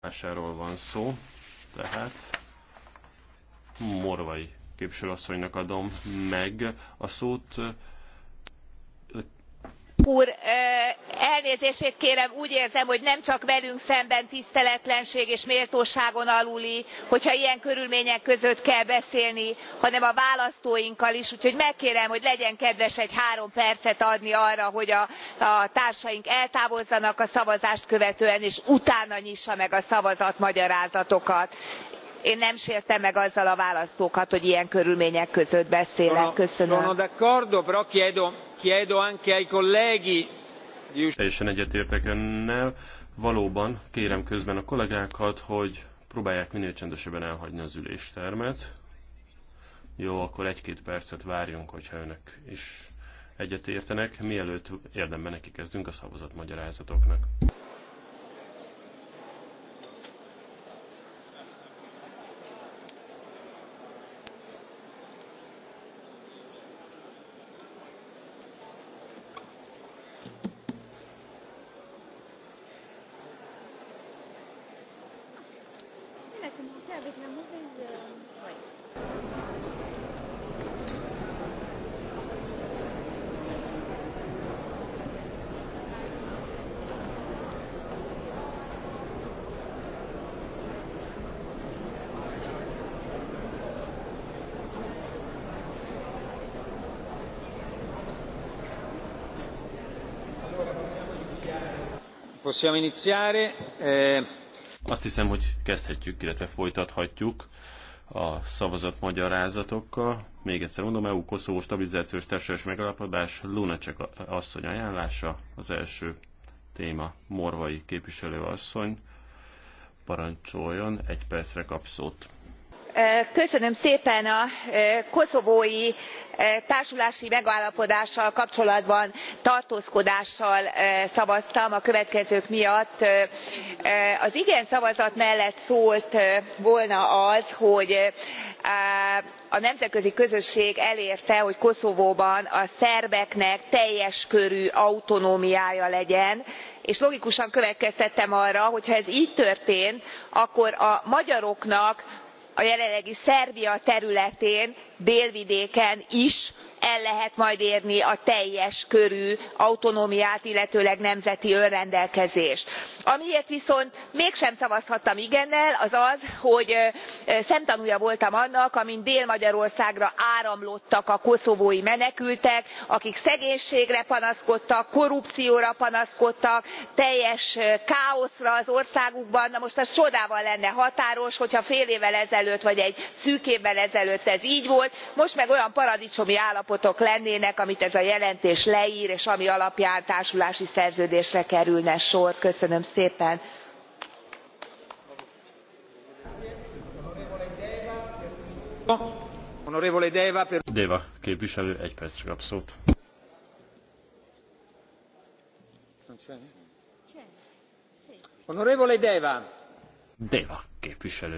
megvásáról van szó, tehát Morvai képviselőasszonynak adom meg a szót úr elnézését kérem úgy érzem hogy nem csak velünk szemben tiszteletlenség és méltóságon aluli hogyha ilyen körülmények között kell beszélni hanem a választóinkkal is úgyhogy megkérem hogy legyen kedves egy három percet adni arra hogy a társaink eltávozzanak a szavazást követően és utána nyissa meg a szavazatmagyarázatokat. én nem sértem meg azzal a választókat hogy ilyen körülmények között beszélek. köszönöm. Chiedo anche ai colleghi. Teljesen egyetértek önnel. Valóban kérem közben a kollégákat, hogy próbálják minél csendesebben elhagyni az üléstermet. Jó, akkor egy-két percet várjunk, hogyha önök is egyetértenek, mielőtt érdemben neki kezdünk a szavazatmagyarázatoknak. Possiamo iniziare. Eh, Azt hiszem, hogy kezdhetjük, illetve folytathatjuk a szavazat magyarázatokkal. Még egyszer mondom, EU Koszovó stabilizációs testes megalapodás, Lunacek asszony ajánlása, az első téma Morvai képviselő asszony. Parancsoljon, egy percre kap szót a koszovói társulási megállapodással kapcsolatban tartózkodással szavaztam a következők miatt az igen szavazat mellett szólt volna az hogy a nemzetközi közösség elérte hogy koszovóban a szerbeknek teljes körű autonómiája legyen és logikusan következtettem arra hogy ha ez gy történt akkor a magyaroknak a jelenlegi szerbia területén délvidéken is el lehet majd érni a teljes körű autonómiát illetőleg nemzeti önrendelkezést. amiért viszont mégsem szavazhattam igennel az az hogy szemtanúja voltam annak amint dél magyarországra áramlottak a koszovói menekültek akik szegénységre panaszkodtak korrupcióra panaszkodtak teljes káoszra az országukban. na most az csodával lenne határos hogyha fél évvel ezelőtt vagy egy szűk évvel ezelőtt ez gy volt most meg olyan paradicsomi állapotok lennének amit ez a jelentés ler és ami alapján társulási szerződésre kerülne sor. köszönöm szépen! deva képviselő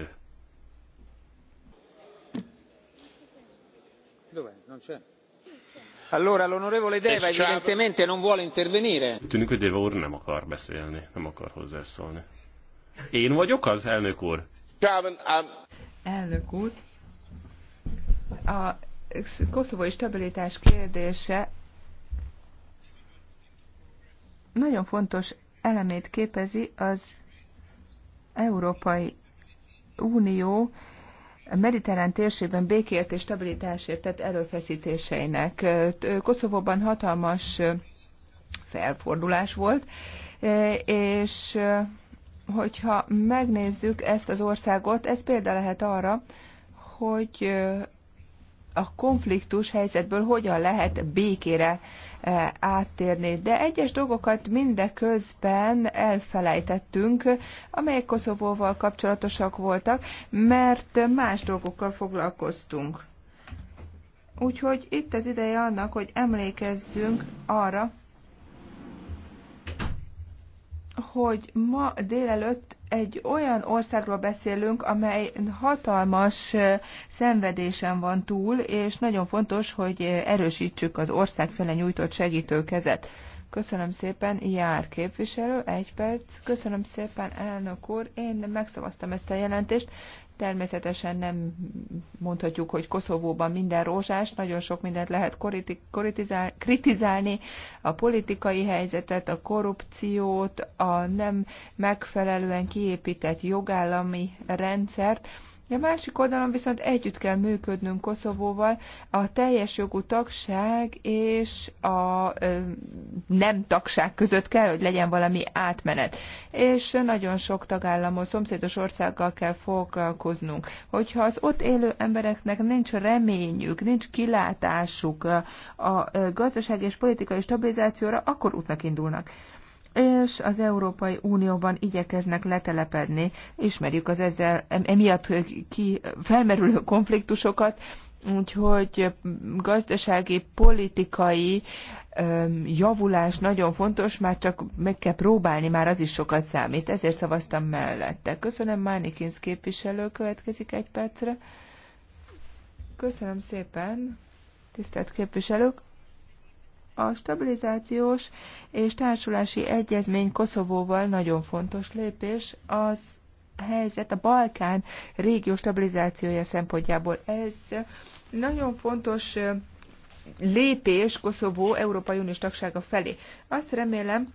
egy deva képviselő. Allora l'onorevole Deva evidentemente non vuole intervenire. Tűnik, hogy Deva úr nem akar beszélni, nem akar hozzászólni. Én vagyok az, elnök úr? Elnök úr, a koszovói stabilitás kérdése nagyon fontos elemét képezi az Európai Unió a mediterrán térségben békért és stabilitásért tett erőfeszítéseinek. Koszovóban hatalmas felfordulás volt, és hogyha megnézzük ezt az országot, ez példa lehet arra, hogy a konfliktus helyzetből hogyan lehet békére eh, áttérni. De egyes dolgokat mindeközben elfelejtettünk, amelyek Koszovóval kapcsolatosak voltak, mert más dolgokkal foglalkoztunk. Úgyhogy itt az ideje annak, hogy emlékezzünk arra, hogy ma délelőtt egy olyan országról beszélünk, amely hatalmas szenvedésen van túl, és nagyon fontos, hogy erősítsük az ország fele nyújtott segítőkezet. Köszönöm szépen, jár képviselő, egy perc. Köszönöm szépen, elnök úr. Én megszavaztam ezt a jelentést, Természetesen nem mondhatjuk, hogy Koszovóban minden rózsás, nagyon sok mindent lehet kritizálni, a politikai helyzetet, a korrupciót, a nem megfelelően kiépített jogállami rendszert, a másik oldalon viszont együtt kell működnünk Koszovóval, a teljes jogú tagság és a ö, nem tagság között kell, hogy legyen valami átmenet. És nagyon sok tagállamon, szomszédos országgal kell foglalkoznunk. Hogyha az ott élő embereknek nincs reményük, nincs kilátásuk a gazdasági és politikai stabilizációra, akkor útnak indulnak és az Európai Unióban igyekeznek letelepedni. Ismerjük az ezzel emiatt ki felmerülő konfliktusokat, úgyhogy gazdasági, politikai javulás nagyon fontos, már csak meg kell próbálni, már az is sokat számít. Ezért szavaztam mellette. Köszönöm, Mánikinsz képviselő, következik egy percre. Köszönöm szépen, tisztelt képviselők. A stabilizációs és társulási egyezmény Koszovóval nagyon fontos lépés az helyzet a Balkán régió stabilizációja szempontjából. Ez nagyon fontos lépés Koszovó Európai Uniós tagsága felé. Azt remélem,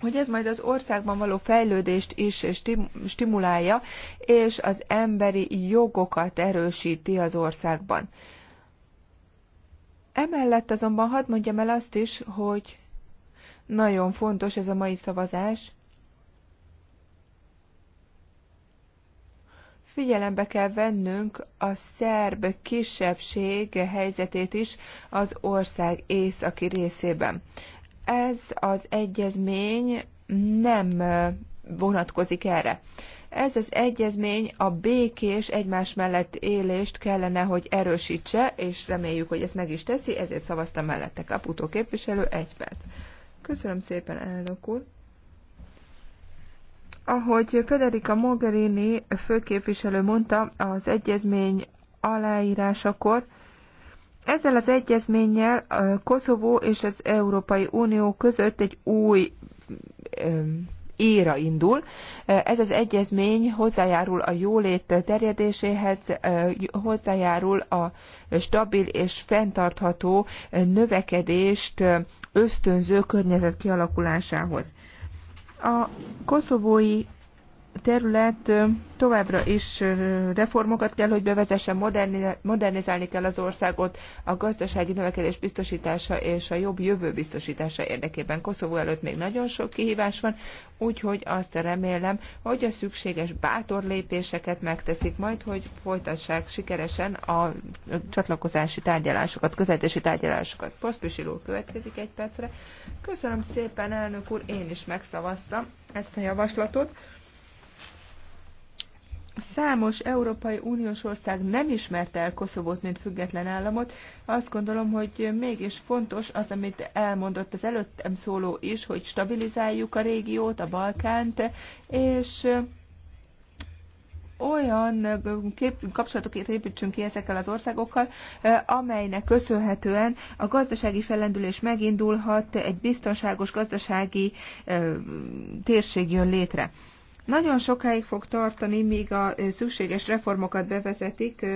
hogy ez majd az országban való fejlődést is stimulálja, és az emberi jogokat erősíti az országban. Emellett azonban hadd mondjam el azt is, hogy nagyon fontos ez a mai szavazás. Figyelembe kell vennünk a szerb kisebbség helyzetét is az ország északi részében. Ez az egyezmény nem vonatkozik erre. Ez az egyezmény a békés egymás mellett élést kellene, hogy erősítse, és reméljük, hogy ezt meg is teszi, ezért szavaztam mellette Kaputó képviselő, egy perc. Köszönöm szépen, elnök úr. Ahogy Federica Mogherini főképviselő mondta, az egyezmény aláírásakor, ezzel az egyezménnyel Koszovó és az Európai Unió között egy új éra indul. Ez az egyezmény hozzájárul a jólét terjedéséhez, hozzájárul a stabil és fenntartható növekedést ösztönző környezet kialakulásához. A koszovói terület továbbra is reformokat kell, hogy bevezessen, modernizálni kell az országot a gazdasági növekedés biztosítása és a jobb jövő biztosítása érdekében. Koszovó előtt még nagyon sok kihívás van, úgyhogy azt remélem, hogy a szükséges bátor lépéseket megteszik majd, hogy folytassák sikeresen a csatlakozási tárgyalásokat, közeltési tárgyalásokat. Posztpisi következik egy percre. Köszönöm szépen, elnök úr, én is megszavaztam ezt a javaslatot Számos Európai Uniós ország nem ismerte el Koszovót, mint független államot. Azt gondolom, hogy mégis fontos az, amit elmondott az előttem szóló is, hogy stabilizáljuk a régiót, a Balkánt, és olyan kép, kapcsolatokat építsünk ki ezekkel az országokkal, amelynek köszönhetően a gazdasági fellendülés megindulhat, egy biztonságos gazdasági térség jön létre. Nagyon sokáig fog tartani, míg a szükséges reformokat bevezetik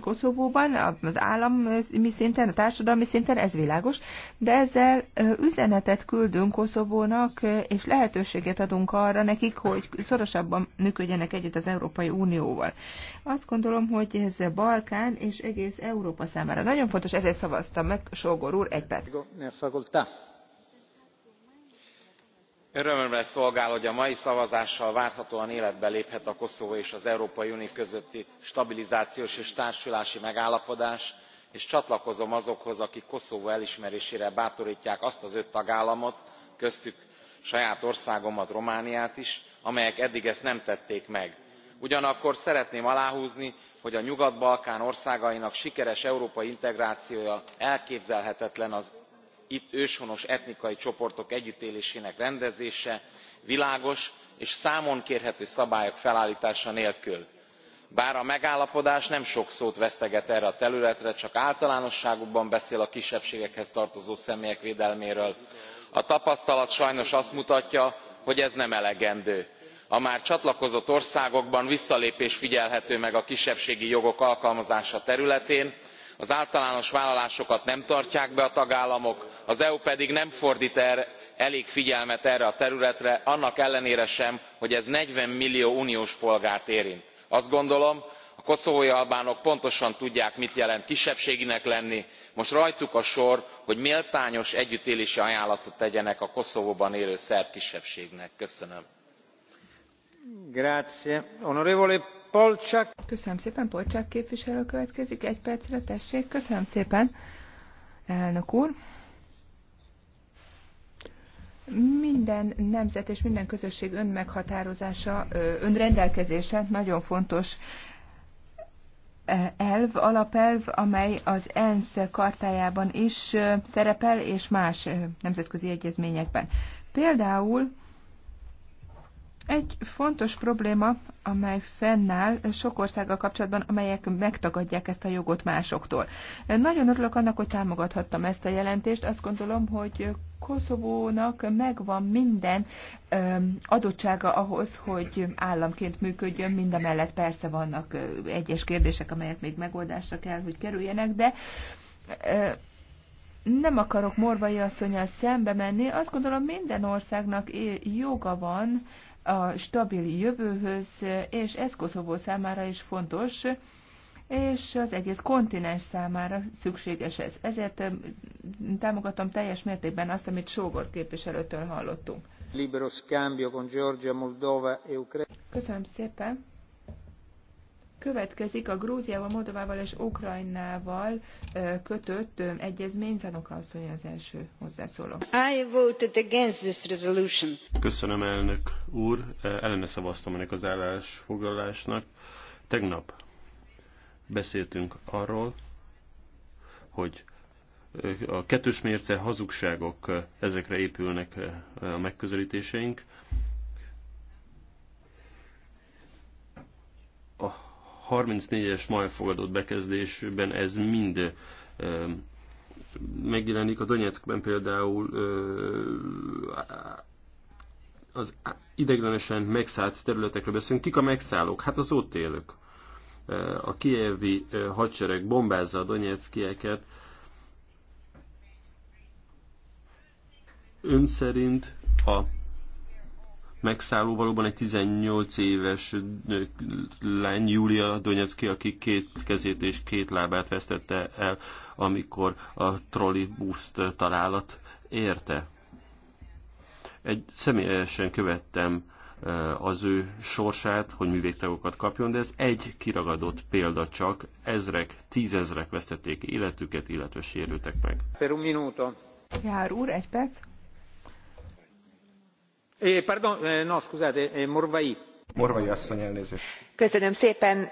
Koszovóban, az állami szinten, a társadalmi szinten, ez világos, de ezzel üzenetet küldünk Koszovónak, és lehetőséget adunk arra nekik, hogy szorosabban működjenek együtt az Európai Unióval. Azt gondolom, hogy ez Balkán és egész Európa számára nagyon fontos, ezért szavaztam meg, Sógor úr, egy perc örömömre szolgál hogy a mai szavazással várhatóan életbe léphet a koszovó és az európai unió közötti stabilizációs és társulási megállapodás és csatlakozom azokhoz akik koszovó elismerésére bátortják azt az öt tagállamot köztük saját országomat romániát is amelyek eddig ezt nem tették meg. ugyanakkor szeretném aláhúzni hogy a nyugat balkán országainak sikeres európai integrációja elképzelhetetlen az itt őshonos etnikai csoportok együttélésének rendezése világos és számon kérhető szabályok felálltása nélkül. bár a megállapodás nem sok szót veszteget erre a területre csak általánosságokban beszél a kisebbségekhez tartozó személyek védelméről a tapasztalat sajnos azt mutatja hogy ez nem elegendő. a már csatlakozott országokban visszalépés figyelhető meg a kisebbségi jogok alkalmazása területén az általános vállalásokat nem tartják be a tagállamok az eu pedig nem fordt er-, elég figyelmet erre a területre annak ellenére sem hogy ez forty millió uniós polgárt érint. azt gondolom a koszovói albánok pontosan tudják mit jelent kisebbségnek lenni most rajtuk a sor hogy méltányos együttélési ajánlatot tegyenek a koszovóban élő szerb kisebbségnek. köszönöm. Polcsák. Köszönöm szépen, Polcsák képviselő következik. Egy percre tessék. Köszönöm szépen, elnök úr. Minden nemzet és minden közösség önmeghatározása, önrendelkezése nagyon fontos elv, alapelv, amely az ENSZ kartájában is szerepel, és más nemzetközi egyezményekben. Például egy fontos probléma, amely fennáll sok országgal kapcsolatban, amelyek megtagadják ezt a jogot másoktól. Nagyon örülök annak, hogy támogathattam ezt a jelentést. Azt gondolom, hogy Koszovónak megvan minden adottsága ahhoz, hogy államként működjön, mind a mellett persze vannak egyes kérdések, amelyek még megoldásra kell, hogy kerüljenek, de nem akarok Morvai asszonyal szembe menni, azt gondolom minden országnak joga van a stabil jövőhöz, és ez Koszovó számára is fontos, és az egész kontinens számára szükséges ez. Ezért támogatom teljes mértékben azt, amit Sógor képviselőtől hallottunk. Libero scambio con Georgia, Moldova e Köszönöm szépen. Következik a Grúziával, Moldovával és Ukrajnával kötött egyezmény. Zanoka asszony az első hozzászóló. I voted against this resolution. Köszönöm, elnök úr. E, ellene szavaztam ennek az állásfoglalásnak. Tegnap beszéltünk arról, hogy a kettős mérce hazugságok, ezekre épülnek a megközelítéseink. 34-es ma elfogadott bekezdésben ez mind megjelenik. A Donetskben például az ideglenesen megszállt területekről beszélünk. Kik a megszállók? Hát az ott élők. A kievi hadsereg bombázza a Donetskieket. Ön szerint a megszálló valóban egy 18 éves lány, Júlia Donetszki, aki két kezét és két lábát vesztette el, amikor a trollibuszt találat érte. Egy személyesen követtem eh, az ő sorsát, hogy művégtagokat kapjon, de ez egy kiragadott példa csak. Ezrek, tízezrek vesztették életüket, illetve sérültek meg. Per un minuto. Jár úr, egy perc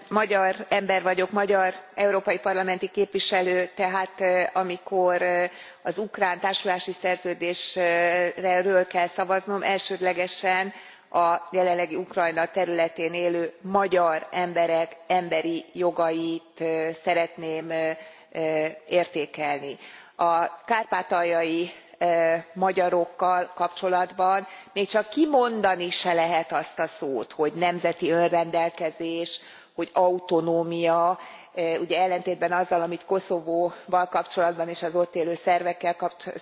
magyar ember vagyok magyar európai parlamenti képviselő tehát eh, amikor eh, az ukrán társulási szerződésről kell szavaznom elsődlegesen a jelenlegi ukrajna területén élő magyar emberek emberi jogait eh, szeretném értékelni. a kárpátaljai magyarokkal kapcsolatban még csak kimondani se lehet azt a szót hogy nemzeti önrendelkezés hogy autonómia ugye ellentétben azzal amit koszovóval kapcsolatban és az ott élő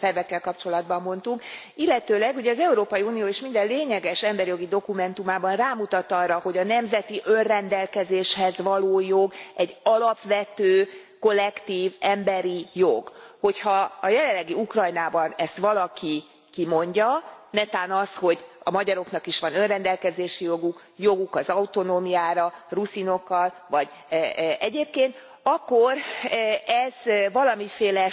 szerbekkel kapcsolatban mondtunk illetőleg ugye az európai unió is minden lényeges emberi jogi dokumentumában rámutat arra hogy a nemzeti önrendelkezéshez való jog egy alapvető kollektv emberi jog hogyha a jelenlegi ukrajnában ezt valaki kimondja netán az hogy a magyaroknak is van önrendelkezési joguk joguk az autonómiára ruszinokkal vagy e, e, egyébként akkor e, ez valamiféle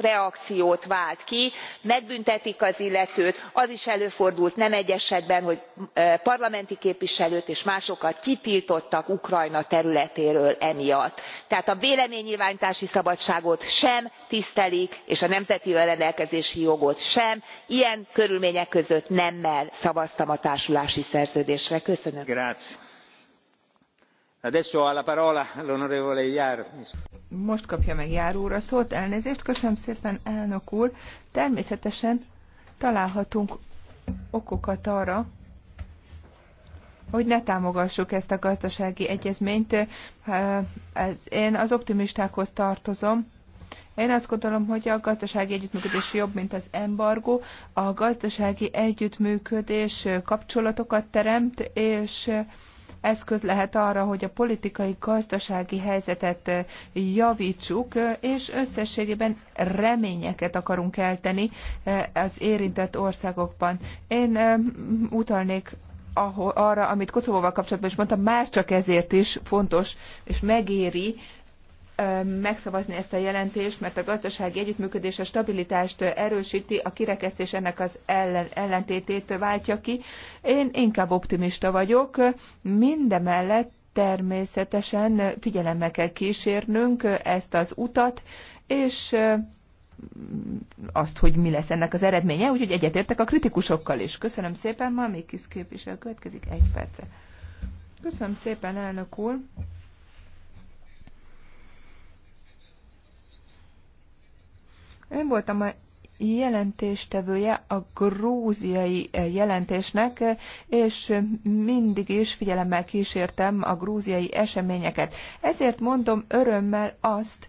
reakciót vált ki megbüntetik az illetőt az is előfordult nem egy esetben hogy e, parlamenti képviselőt és másokat kitiltottak ukrajna területéről emiatt. tehát a véleménynyilvántási szabadságot sem tisztelik és a nemzeti önrendelkezési jogot sem. ilyen körülmények között nemmel szavaztam a társulási szerződésre. köszönöm. Most kapja meg Jár úr a szót, elnézést, köszönöm szépen, elnök úr. Természetesen találhatunk okokat arra, hogy ne támogassuk ezt a gazdasági egyezményt. Eh, ez, én az optimistákhoz tartozom. Én azt gondolom, hogy a gazdasági együttműködés jobb, mint az embargó. A gazdasági együttműködés kapcsolatokat teremt, és eszköz lehet arra, hogy a politikai, gazdasági helyzetet eh, javítsuk, eh, és összességében reményeket akarunk elteni eh, az érintett országokban. Én utalnék arra, amit Koszovóval kapcsolatban is mondtam, már csak ezért is fontos és megéri megszavazni ezt a jelentést, mert a gazdasági együttműködés a stabilitást erősíti, a kirekesztés ennek az ellen, ellentétét váltja ki. Én inkább optimista vagyok, mindemellett természetesen figyelemmel kell kísérnünk ezt az utat, és azt, hogy mi lesz ennek az eredménye, úgyhogy egyetértek a kritikusokkal is. Köszönöm szépen, ma még kis képviselő következik egy perce. Köszönöm szépen, elnök úr. Én voltam a jelentéstevője a grúziai eh, jelentésnek, eh, és mindig is figyelemmel kísértem a grúziai eseményeket. Ezért mondom örömmel azt,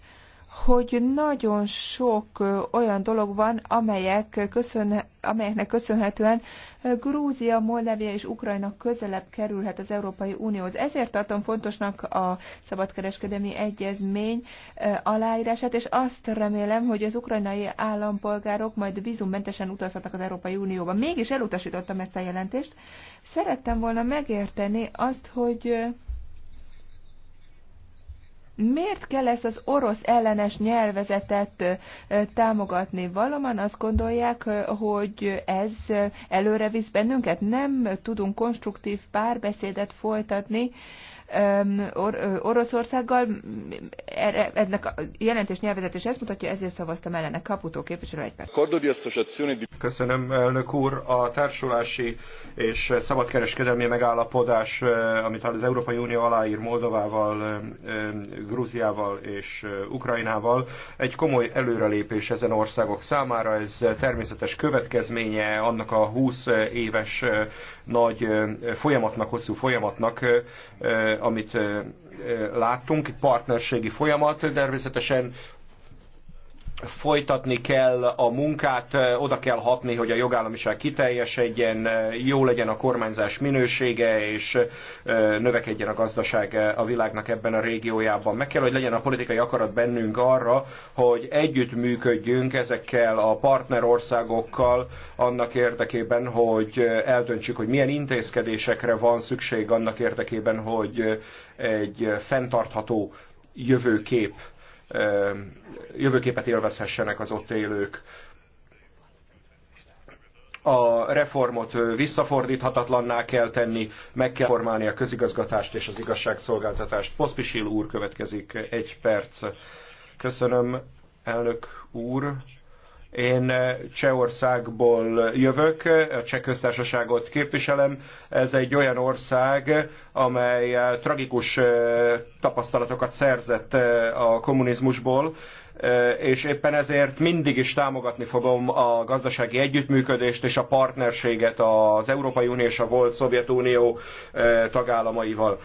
hogy nagyon sok olyan dolog van, amelyek köszön, amelyeknek köszönhetően Grúzia, Moldávia és Ukrajna közelebb kerülhet az Európai Unióhoz. Ezért tartom fontosnak a szabadkereskedelmi egyezmény aláírását, és azt remélem, hogy az ukrajnai állampolgárok majd vízummentesen utazhatnak az Európai Unióba. Mégis elutasítottam ezt a jelentést. Szerettem volna megérteni azt, hogy Miért kell ezt az orosz ellenes nyelvezetet támogatni? Valóban azt gondolják, hogy ez előre visz bennünket? Nem tudunk konstruktív párbeszédet folytatni Or- Oroszországgal. Er-, e-, ennek a jelentés nyelvezet is ezt mutatja, ezért szavaztam ellene. Kaputó képviselő egy perc. Köszönöm, elnök úr. A társulási és szabadkereskedelmi megállapodás, amit az Európai Unió aláír Moldovával, Grúziával és Ukrajnával, egy komoly előrelépés ezen országok számára. Ez természetes következménye annak a 20 éves nagy folyamatnak, hosszú folyamatnak, amit láttunk, partnerségi folyamat, természetesen folytatni kell a munkát, oda kell hatni, hogy a jogállamiság kiteljesedjen, jó legyen a kormányzás minősége, és növekedjen a gazdaság a világnak ebben a régiójában. Meg kell, hogy legyen a politikai akarat bennünk arra, hogy együttműködjünk ezekkel a partnerországokkal annak érdekében, hogy eldöntsük, hogy milyen intézkedésekre van szükség annak érdekében, hogy egy fenntartható jövőkép jövőképet élvezhessenek az ott élők. A reformot visszafordíthatatlanná kell tenni, meg kell formálni a közigazgatást és az igazságszolgáltatást. Poszpisil úr következik egy perc. Köszönöm, elnök úr. Én eh, Csehországból jövök, a Cseh köztársaságot képviselem. Ez egy olyan ország, amely eh, tragikus eh, tapasztalatokat szerzett a kommunizmusból, és éppen ezért mindig is támogatni fogom a gazdasági együttműködést és a partnerséget az Európai Unió és a volt Szovjetunió tagállamaival.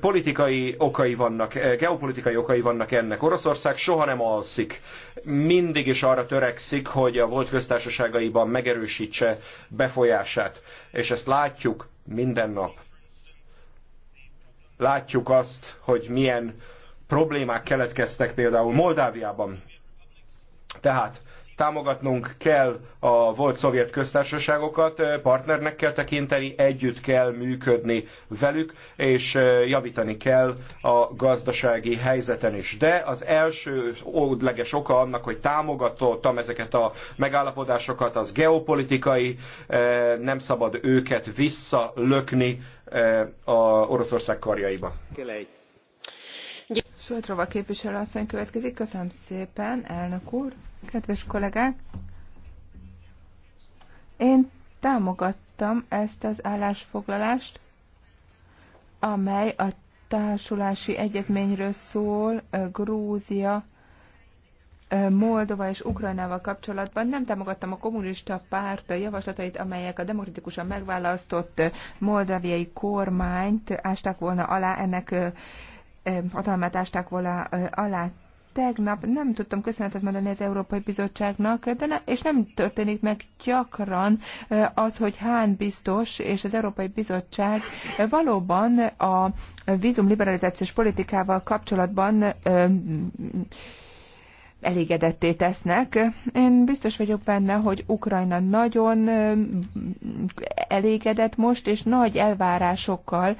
Politikai okai vannak, geopolitikai okai vannak ennek. Oroszország soha nem alszik. Mindig is arra törekszik, hogy a volt köztársaságaiban megerősítse befolyását. És ezt látjuk minden nap. Látjuk azt, hogy milyen problémák keletkeztek például Moldáviában. Tehát támogatnunk kell a volt szovjet köztársaságokat, partnernek kell tekinteni, együtt kell működni velük, és javítani kell a gazdasági helyzeten is. De az első ódleges oka annak, hogy támogatottam ezeket a megállapodásokat, az geopolitikai, nem szabad őket visszalökni a Oroszország karjaiba. Kelejt. Sojtrova képviselőasszony következik. Köszönöm szépen, elnök úr, kedves kollégák. Én támogattam ezt az állásfoglalást, amely a társulási egyezményről szól Grúzia, Moldova és Ukrajnával kapcsolatban nem támogattam a kommunista párt javaslatait, amelyek a demokratikusan megválasztott moldaviai kormányt ásták volna alá ennek hatalmát ásták volna alá. Tegnap nem tudtam köszönetet mondani az Európai Bizottságnak, de ne, és nem történik meg gyakran az, hogy Hán biztos és az Európai Bizottság valóban a vízum liberalizációs politikával kapcsolatban elégedetté tesznek. Én biztos vagyok benne, hogy Ukrajna nagyon elégedett most, és nagy elvárásokkal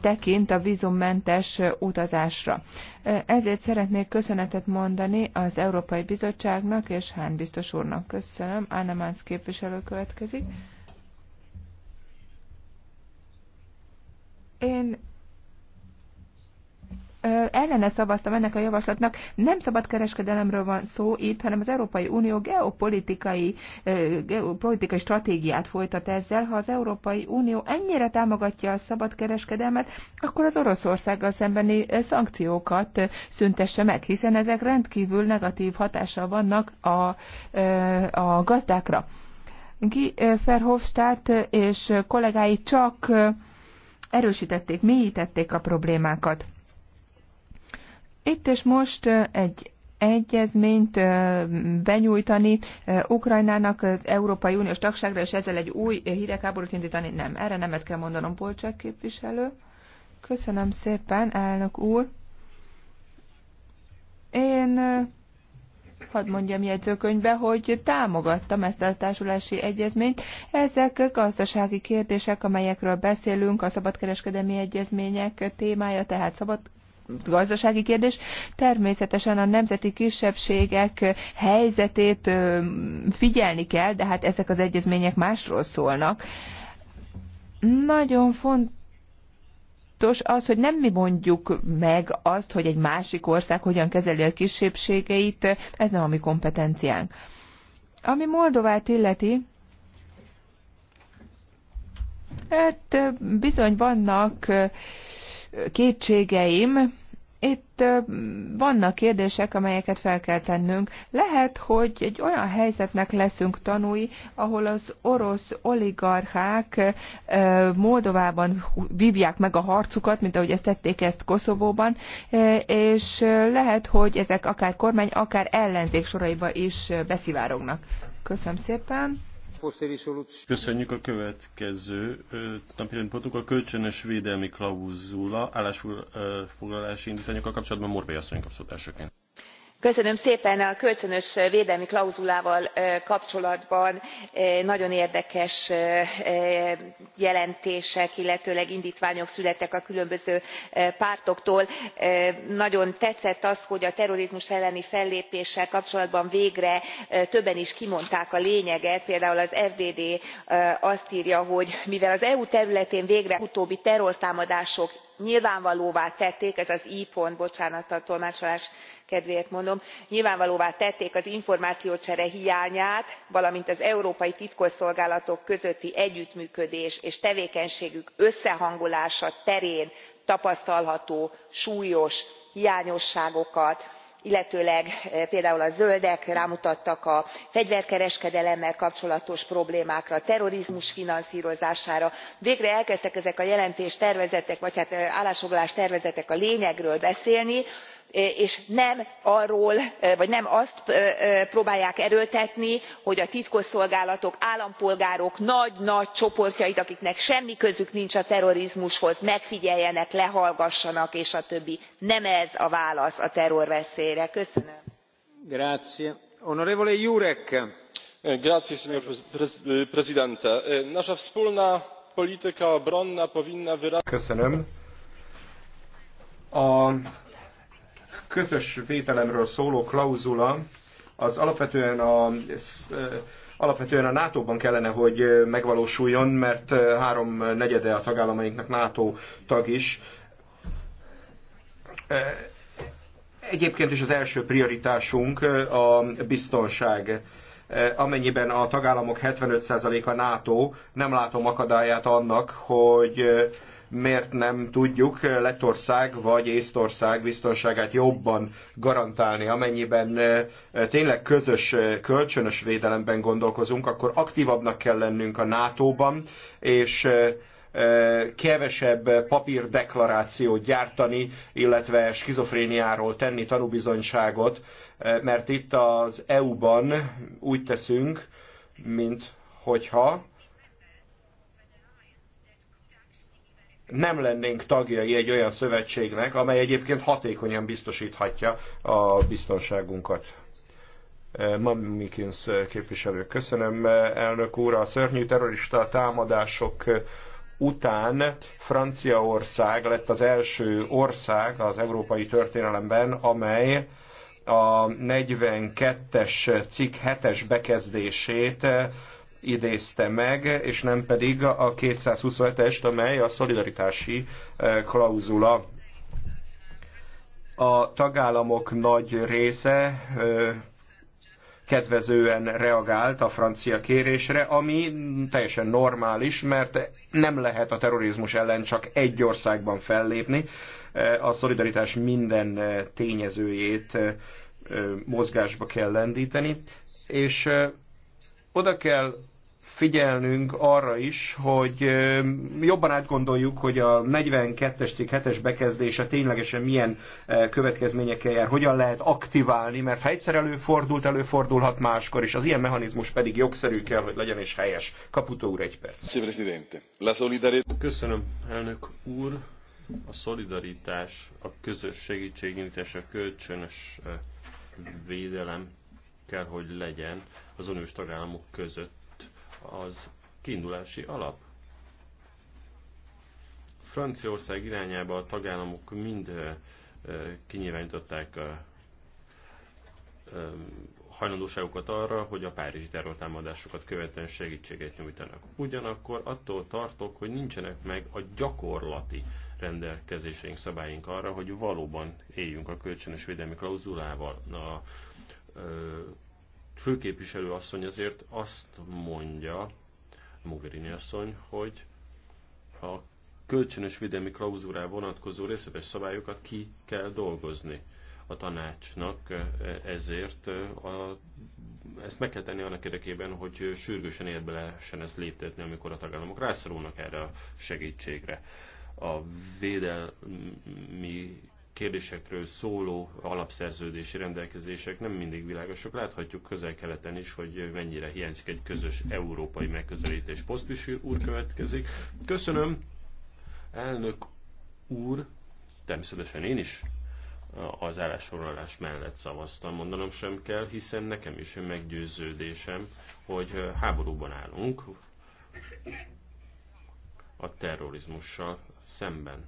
tekint a vízummentes utazásra. Ezért szeretnék köszönetet mondani az Európai Bizottságnak és Hán biztos úrnak. Köszönöm. Anna Mánsz képviselő következik. Én ellene szavaztam ennek a javaslatnak. Nem szabad kereskedelemről van szó itt, hanem az Európai Unió geopolitikai, geopolitikai stratégiát folytat ezzel. Ha az Európai Unió ennyire támogatja a szabad kereskedelmet, akkor az Oroszországgal szembeni szankciókat szüntesse meg, hiszen ezek rendkívül negatív hatással vannak a, a gazdákra. Guy Verhofstadt és kollégái csak erősítették, mélyítették a problémákat. Itt és most egy egyezményt benyújtani Ukrajnának az Európai Uniós tagságra, és ezzel egy új hidegháborút indítani? Nem, erre nemet kell mondanom, Polcsák képviselő. Köszönöm szépen, elnök úr. Én hadd mondjam jegyzőkönyvbe, hogy támogattam ezt a társulási egyezményt. Ezek gazdasági kérdések, amelyekről beszélünk, a szabadkereskedelmi egyezmények témája, tehát szabad gazdasági kérdés. Természetesen a nemzeti kisebbségek helyzetét figyelni kell, de hát ezek az egyezmények másról szólnak. Nagyon fontos az, hogy nem mi mondjuk meg azt, hogy egy másik ország hogyan kezeli a kisebbségeit, ez nem a mi kompetenciánk. Ami Moldovát illeti, hát bizony vannak kétségeim. Itt vannak kérdések, amelyeket fel kell tennünk. Lehet, hogy egy olyan helyzetnek leszünk tanúi, ahol az orosz oligarchák Moldovában vívják meg a harcukat, mint ahogy ezt tették ezt Koszovóban, és lehet, hogy ezek akár kormány, akár ellenzék soraiba is beszivárognak. Köszönöm szépen! Köszönjük a következő napirend a kölcsönös védelmi klauzula állásfoglalási indítványokkal kapcsolatban Morvai asszony kapszótásaként a kölcsönös védelmi klauzulával kapcsolatban nagyon érdekes jelentések illetőleg indtványok születtek a különböző pártoktól. nagyon tetszett az hogy a terrorizmus elleni fellépéssel kapcsolatban végre többen is kimondták a lényeget például az fdd azt rja hogy mivel az eu területén végrehajtott utóbbi terrortámadások nyilvánvalóvá tették ez az i pont bocsánat a tolmácsolás kedvéért mondom nyilvánvalóvá tették az információcsere hiányát valamint az európai titkosszolgálatok közötti együttműködés és tevékenységük összehangolása terén tapasztalható súlyos hiányosságokat illetőleg eh, például a zöldek rámutattak a fegyverkereskedelemmel kapcsolatos problémákra a terrorizmus finanszrozására végre elkezdtek ezek a jelentéstervezetek vagy hát eh, állásfoglalástervezetek a lényegről beszélni és nem arról vagy nem azt próbálják erőltetni hogy a titkosszolgálatok állampolgárok nagy nagy csoportjait akiknek semmi közük nincs a terrorizmushoz megfigyeljenek lehallgassanak és a többi. nem ez a válasz a terrorveszélyre. señor e, e, e, nasza wspólna polityka obronna powinna wyrazić. a közös vételemről szóló klauzula az alapvetően a, alapvetően a NATO-ban kellene, hogy megvalósuljon, mert három negyede a tagállamainknak NATO tag is. E, egyébként is az első prioritásunk a biztonság e, amennyiben a tagállamok 75%-a NATO, nem látom akadályát annak, hogy miért nem tudjuk Lettország vagy Észtország biztonságát jobban garantálni. Amennyiben tényleg közös, kölcsönös védelemben gondolkozunk, akkor aktívabbnak kell lennünk a NATO-ban, és kevesebb papírdeklarációt gyártani, illetve skizofréniáról tenni tanúbizonyságot, mert itt az EU-ban úgy teszünk, mint hogyha nem lennénk tagjai egy olyan szövetségnek, amely egyébként hatékonyan biztosíthatja a biztonságunkat. Eh, Mamikins eh, képviselő, köszönöm eh, elnök úr, a szörnyű terrorista támadások után Franciaország lett az első ország az európai történelemben, amely a 42-es cikk 7-es bekezdését idézte meg, és nem pedig a 227-est, amely a szolidaritási eh, klauzula. A tagállamok nagy része eh, kedvezően reagált a francia kérésre, ami teljesen normális, mert nem lehet a terrorizmus ellen csak egy országban fellépni. Eh, a szolidaritás minden tényezőjét mozgásba kell lendíteni, és oda kell figyelnünk arra is, hogy jobban átgondoljuk, hogy a 42-es cikk 7-es bekezdése ténylegesen milyen következményekkel jár, hogyan lehet aktiválni, mert ha egyszer előfordult, előfordulhat máskor is. Az ilyen mechanizmus pedig jogszerű kell, hogy legyen és helyes. Kaputó úr, egy perc. Köszönöm, elnök úr. A szolidaritás, a közös segítségnyújtás, a kölcsönös védelem kell, hogy legyen az uniós tagállamok között az kiindulási alap. Franciaország irányába a tagállamok mind kinyilvánították a arra, hogy a párizsi terrortámadásokat követően segítséget nyújtanak. Ugyanakkor attól tartok, hogy nincsenek meg a gyakorlati rendelkezéseink, szabályink arra, hogy valóban éljünk a kölcsönös védelmi klauzulával. A, főképviselő asszony azért azt mondja, Mogherini asszony, hogy a kölcsönös védelmi klauzúrá vonatkozó részletes szabályokat ki kell dolgozni a tanácsnak, eh, ezért eh, a, ezt meg kell tenni annak érdekében, hogy sürgősen érbe lehessen ezt léptetni, amikor a tagállamok rászorulnak erre a segítségre. A védelmi kérdésekről szóló alapszerződési rendelkezések nem mindig világosok. Láthatjuk közel-keleten is, hogy mennyire hiányzik egy közös európai megközelítés. Posztus úr következik. Köszönöm, elnök úr. Természetesen én is az állásorolás mellett szavaztam, mondanom sem kell, hiszen nekem is meggyőződésem, hogy háborúban állunk a terrorizmussal szemben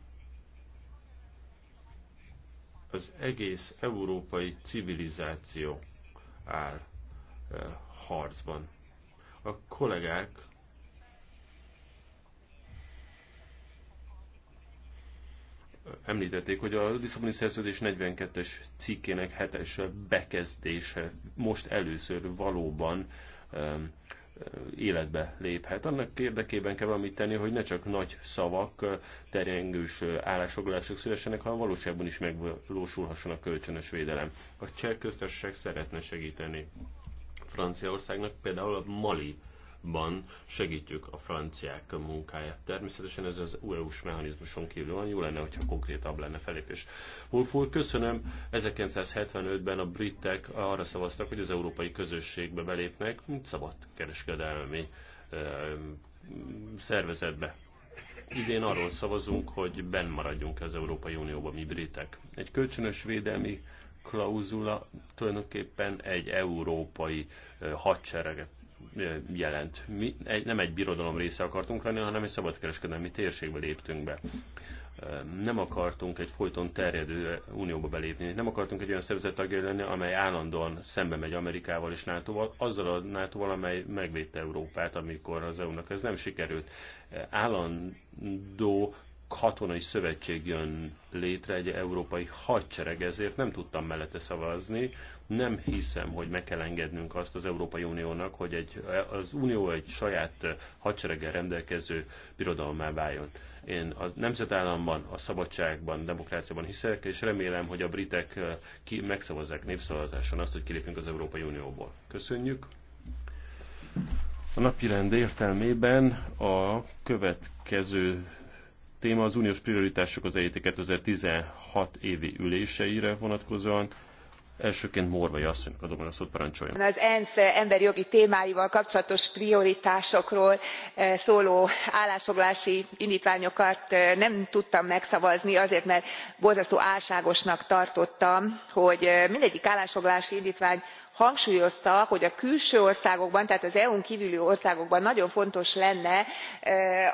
az egész európai civilizáció áll eh, harcban. A kollégák említették, hogy a Lisszaboni Szerződés 42-es cikkének 7-es bekezdése most először valóban életbe léphet. Annak érdekében kell valamit tenni, hogy ne csak nagy szavak, terjengős állásfoglalások szülessenek, hanem valóságban is megvalósulhasson a kölcsönös védelem. A cseh köztársaság szeretne segíteni Franciaországnak, például a Mali ban segítjük a franciák munkáját. Természetesen ez az EU-s mechanizmuson kívül van, jó lenne, hogyha konkrétabb lenne felépés. Wolf úr, köszönöm, 1975-ben a britek arra szavaztak, hogy az európai közösségbe belépnek, mint szabad kereskedelmi szervezetbe. Idén arról szavazunk, hogy benn maradjunk az Európai Unióban mi britek. Egy kölcsönös védelmi klauzula tulajdonképpen egy európai hadsereget jelent. Mi egy nem egy birodalom része akartunk lenni, hanem egy szabadkereskedelmi térségbe léptünk be. Nem akartunk egy folyton terjedő unióba belépni, nem akartunk egy olyan szervezet tagja lenni, amely állandóan szembe megy Amerikával és NATO-val, azzal a NATO-val, amely megvédte Európát, amikor az EU-nak ez nem sikerült. Állandó katonai szövetség jön létre, egy európai hadsereg, ezért nem tudtam mellette szavazni. Nem hiszem, hogy meg kell engednünk azt az Európai Uniónak, hogy egy, az Unió egy saját hadsereggel rendelkező birodalmá váljon. Én a nemzetállamban, a szabadságban, demokráciában hiszek, és remélem, hogy a britek eh, ki, megszavazzák népszavazáson azt, hogy kilépünk az Európai Unióból. Köszönjük! A napirend értelmében a következő téma az uniós prioritások az EIT 2016 évi üléseire vonatkozóan, Elsőként Morvai asszonynak adom meg a szót, parancsoljon. Az ENSZ emberi jogi témáival kapcsolatos prioritásokról eh, szóló állásfoglalási indítványokat eh, nem tudtam megszavazni, azért mert borzasztó álságosnak tartottam, hogy eh, mindegyik állásfoglalási indítvány hangsúlyozta hogy a külső országokban tehát az eu n kvüli országokban nagyon fontos lenne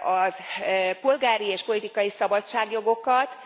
a polgári és politikai szabadságjogokat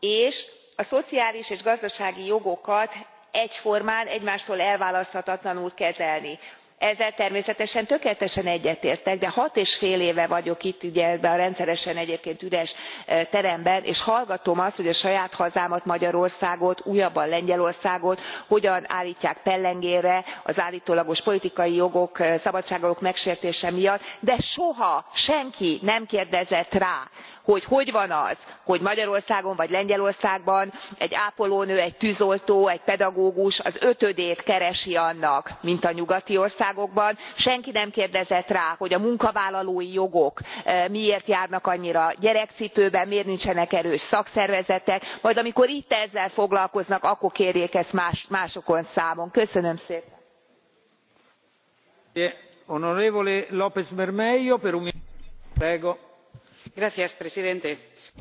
és a szociális és gazdasági jogokat egyformán egymástól elválaszthatatlanul kezelni. ezzel természetesen tökéletesen egyetértek de hat és fél éve vagyok itt ugye ebben a rendszeresen egyébként üres e, teremben és hallgatom azt hogy a saját hazámat magyarországot újabban lengyelországot hogyan álltják pellengérre az álltólagos politikai jogok e, szabadságjogok megsértése miatt de soha senki nem kérdezett rá hogy hogy van az hogy magyarországon vagy lengyelországban egy ápolónő egy tűzoltó egy pedagógus az ötödét keresi annak mint a nyugati országokban senki nem kérdezett rá hogy a munkavállalói jogok eh, miért járnak annyira gyerekcipőben miért nincsenek erős szakszervezetek majd amikor itt ezzel foglalkoznak akkor kérjék ezt másokon számon. köszönöm szépen!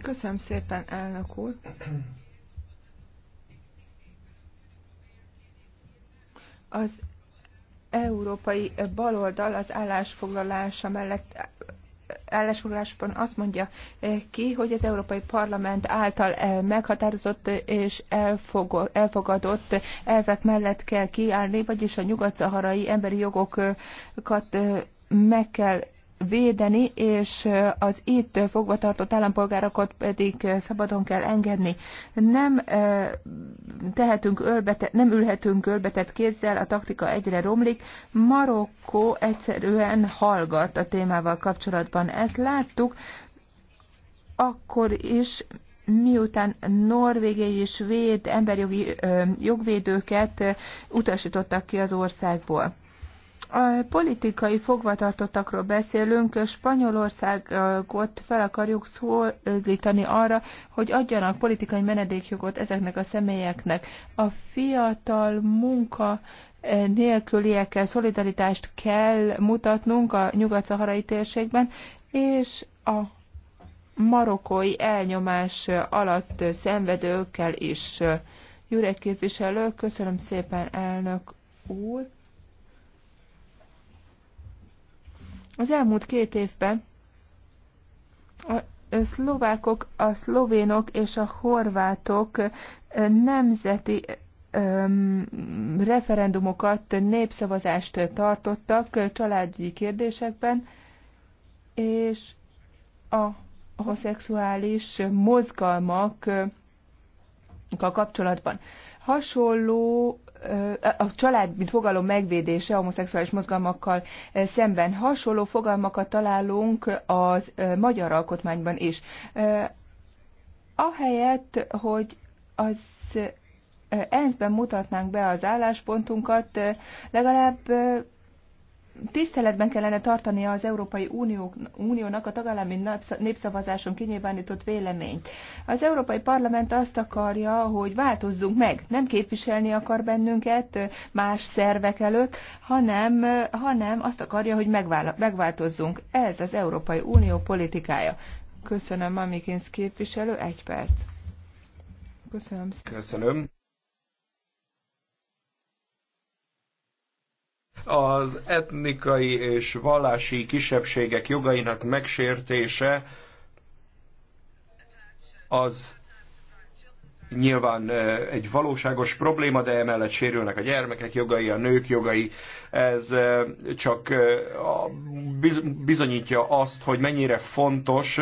Köszönöm szépen, Az európai baloldal az állásfoglalása mellett állásfoglalásban azt mondja ki, hogy az Európai Parlament által meghatározott és elfogadott elvek mellett kell kiállni, vagyis a nyugat-szaharai emberi jogokat meg kell védeni, és az itt fogvatartott állampolgárokat pedig szabadon kell engedni. Nem tehetünk ölbete, nem ülhetünk ölbetett kézzel, a taktika egyre romlik. Marokkó egyszerűen hallgat a témával kapcsolatban. Ezt láttuk, akkor is, miután norvégiai és svéd emberjogi jogvédőket utasítottak ki az országból. A politikai fogvatartottakról beszélünk, Spanyolországot fel akarjuk szólítani arra, hogy adjanak politikai menedékjogot ezeknek a személyeknek. A fiatal munka nélküliekkel szolidaritást kell mutatnunk a nyugat-szaharai térségben, és a marokkói elnyomás alatt szenvedőkkel is. Jurek képviselő, köszönöm szépen elnök úr. Az elmúlt két évben a szlovákok, a szlovénok és a horvátok nemzeti referendumokat, népszavazást tartottak családügyi kérdésekben, és a homoszexuális mozgalmakkal kapcsolatban. Hasonló a család, mint fogalom megvédése homoszexuális mozgalmakkal eh, szemben. Hasonló fogalmakat találunk az eh, magyar alkotmányban is. Eh, ahelyett, hogy az ENSZ-ben mutatnánk be az álláspontunkat, legalább tiszteletben kellene tartania az Európai Unió, Uniónak a tagállami népszavazáson kinyilvánított véleményt. Az Európai Parlament azt akarja, hogy változzunk meg, nem képviselni akar bennünket más szervek előtt, hanem, hanem azt akarja, hogy megváltozzunk. Ez az Európai Unió politikája. Köszönöm, Mamikins képviselő, egy perc. Köszönöm. Köszönöm. Az etnikai és vallási kisebbségek jogainak megsértése az nyilván egy valóságos probléma, de emellett sérülnek a gyermekek jogai, a nők jogai. Ez csak bizonyítja azt, hogy mennyire fontos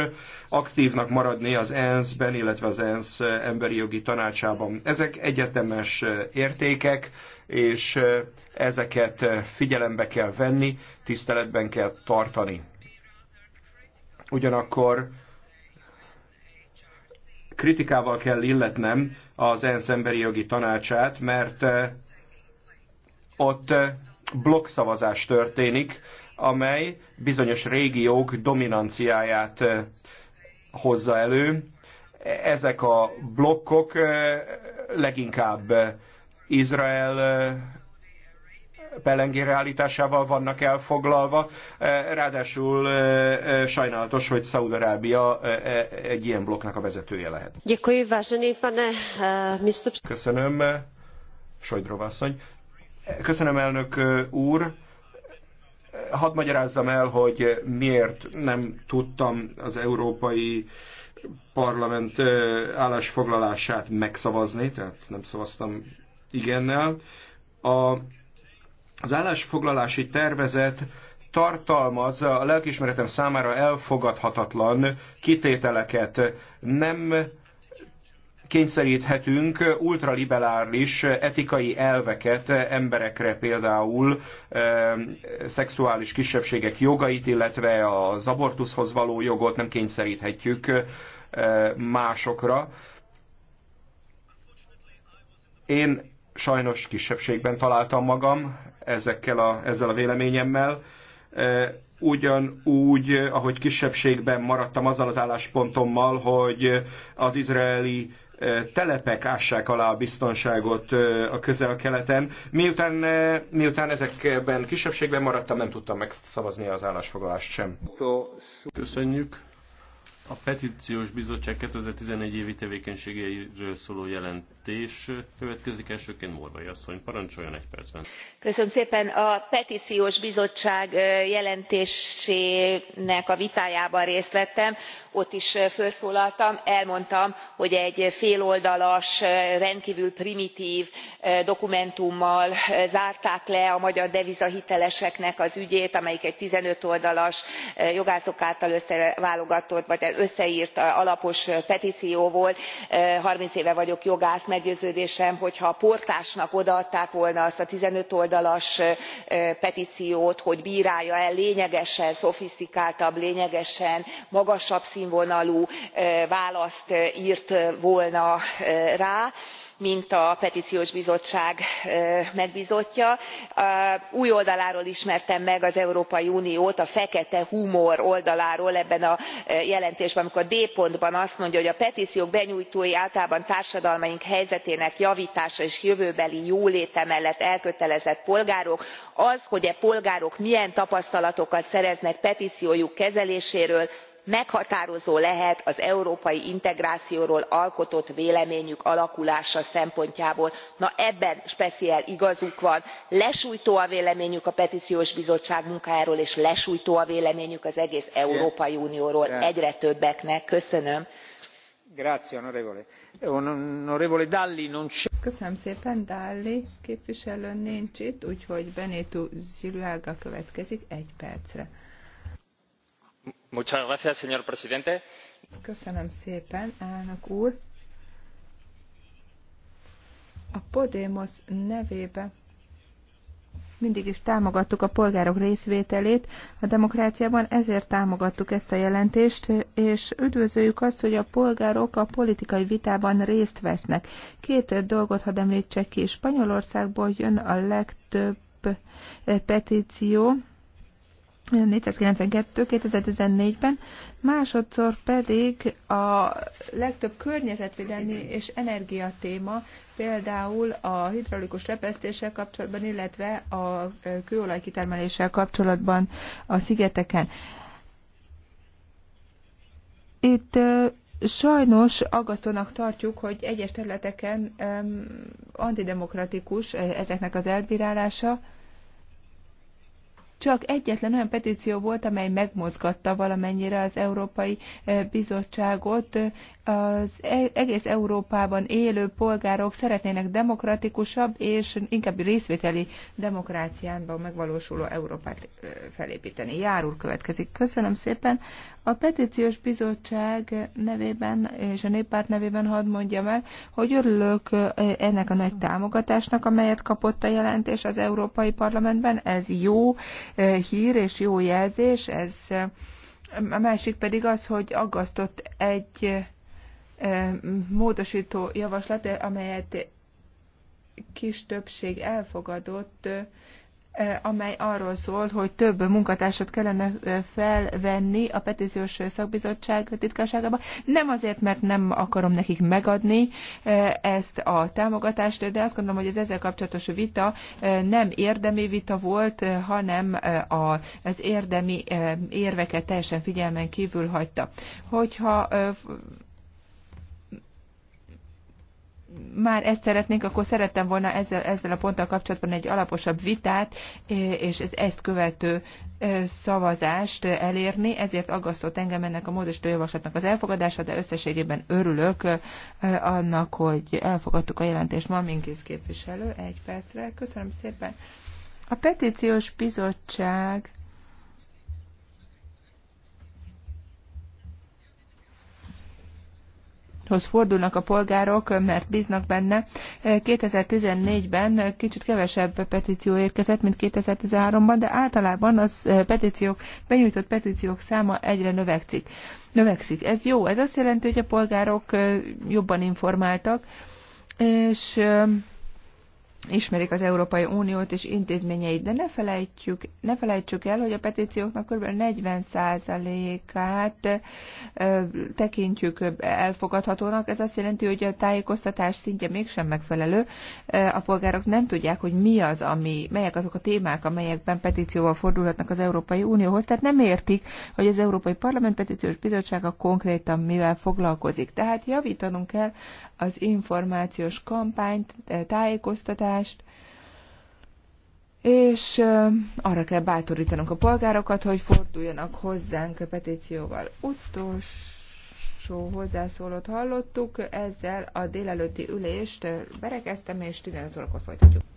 aktívnak maradni az ENSZ-ben, illetve az ENSZ emberi jogi tanácsában. Ezek egyetemes értékek, és ezeket figyelembe kell venni, tiszteletben kell tartani. Ugyanakkor kritikával kell illetnem az ENSZ emberi jogi tanácsát, mert eh, ott eh, blokkszavazás történik, amely bizonyos régiók dominanciáját eh, hozza elő. Ezek a blokkok leginkább Izrael pelengére állításával vannak elfoglalva. Eh, ráadásul eh, eh, sajnálatos, hogy Szaúd-Arábia egy ilyen blokknak a vezetője lehet. Köszönöm, Sajdrovászony. Köszönöm, elnök úr hadd magyarázzam el, hogy miért nem tudtam az Európai Parlament állásfoglalását megszavazni, tehát nem szavaztam igennel. A az állásfoglalási tervezet tartalmaz a lelkismeretem számára elfogadhatatlan kitételeket. Nem kényszeríthetünk ultraliberális etikai elveket emberekre, például e, szexuális kisebbségek jogait, illetve az abortuszhoz való jogot nem kényszeríthetjük e, másokra. Én sajnos kisebbségben találtam magam, ezekkel a, ezzel a véleményemmel. Ugyanúgy, ahogy kisebbségben maradtam azzal az álláspontommal, hogy az izraeli telepek ássák alá a biztonságot a közel-keleten. Miután, miután ezekben kisebbségben maradtam, nem tudtam megszavazni az állásfoglalást sem. Köszönjük. A Petíciós Bizottság 2011 évi tevékenységeiről szóló jelentés következik elsőként Morvai asszony. Parancsoljon egy percben. Köszönöm szépen. A Petíciós Bizottság jelentésének a vitájában részt vettem. Ott is felszólaltam, elmondtam, hogy egy féloldalas, rendkívül primitív dokumentummal zárták le a magyar devizahiteleseknek az ügyét, amelyik egy 15 oldalas jogászok által összeválogatott, vagy összert alapos petció volt thirty éve vagyok jogász meggyőződésem hogy ha portásnak odaadták volna azt a fifteen oldalas petciót hogy brálja el lényegesen szofisztikáltabb lényegesen magasabb sznvonalú választ rt volna rá mint a petciós bizottság megbzottja. új oldaláról ismertem meg az európai uniót a fekete humor oldaláról ebben a jelentésben amikor d pontban azt mondja hogy a petciók benyújtói általában társadalmaink helyzetének javtása és jövőbeli jóléte mellett elkötelezett polgárok az hogy e polgárok milyen tapasztalatokat szereznek petciójuk kezeléséről meghatározó lehet az európai integrációról alkotott véleményük alakulása szempontjából. na ebben speciál igazuk van lesújtó a véleményük a petciós bizottság munkájáról és lesújtó a véleményük az egész európai unióról egyre többeknek. köszönöm. köszönöm szépen dalli következik egy percre señor presidente köszönöm szépen elnök úr a podemos nevében mindig is támogattuk a polgárok részvételét a demokráciában, ezért támogattuk ezt a jelentést, és üdvözöljük azt, hogy a polgárok a politikai vitában részt vesznek. Két dolgot hadd említsek ki. Spanyolországból jön a legtöbb petíció, 492 2014-ben, másodszor pedig a legtöbb környezetvédelmi és energiatéma, például a hidraulikus repesztéssel kapcsolatban, illetve a kőolajkitermeléssel kapcsolatban a szigeteken. Itt sajnos aggasztónak tartjuk, hogy egyes területeken antidemokratikus ezeknek az elbírálása, csak egyetlen olyan petíció volt, amely megmozgatta valamennyire az Európai Bizottságot. Az e-, egész Európában élő polgárok szeretnének demokratikusabb és inkább részvételi demokráciánban megvalósuló Európát felépíteni. Jár következik. Köszönöm szépen. A petíciós bizottság nevében és a néppárt nevében hadd mondjam el, hogy örülök ennek a nagy támogatásnak, amelyet kapott a jelentés az Európai Parlamentben. Ez jó hír és jó jelzés, ez a másik pedig az, hogy aggasztott egy módosító javaslat, amelyet kis többség elfogadott, amely arról szól, hogy több munkatársat kellene felvenni a petíciós szakbizottság titkárságába. Nem azért, mert nem akarom nekik megadni ezt a támogatást, de azt gondolom, hogy az ezzel kapcsolatos vita nem érdemi vita volt, hanem az érdemi érveket teljesen figyelmen kívül hagyta. Hogyha már ezt szeretnénk, akkor szerettem volna ezzel, ezzel a ponttal kapcsolatban egy alaposabb vitát és ez ezt követő szavazást elérni, ezért aggasztott engem ennek a módosító javaslatnak az elfogadása, de összességében örülök annak, hogy elfogadtuk a jelentést. Minkész képviselő, egy percre. Köszönöm szépen. A petíciós bizottság hoz fordulnak a polgárok, mert bíznak benne. 2014-ben kicsit kevesebb petíció érkezett, mint 2013-ban, de általában az eh, petíciók, benyújtott petíciók száma egyre növekszik. növekszik. Ez jó, ez azt jelenti, hogy a polgárok eh, jobban informáltak, és eh, ismerik az Európai Uniót és intézményeit, de ne, felejtjük, ne felejtsük el, hogy a petícióknak kb. 40%-át tekintjük elfogadhatónak. Ez azt jelenti, hogy a tájékoztatás szintje mégsem megfelelő. A polgárok nem tudják, hogy mi az, ami, melyek azok a témák, amelyekben petícióval fordulhatnak az Európai Unióhoz. Tehát nem értik, hogy az Európai Parlament Petíciós Bizottsága konkrétan mivel foglalkozik. Tehát javítanunk kell az információs kampányt, e, tájékoztatást, és e, arra kell bátorítanunk a polgárokat, hogy forduljanak hozzánk a petícióval. Utolsó hozzászólót hallottuk, ezzel a délelőtti ülést berekeztem, és 15 órakor folytatjuk.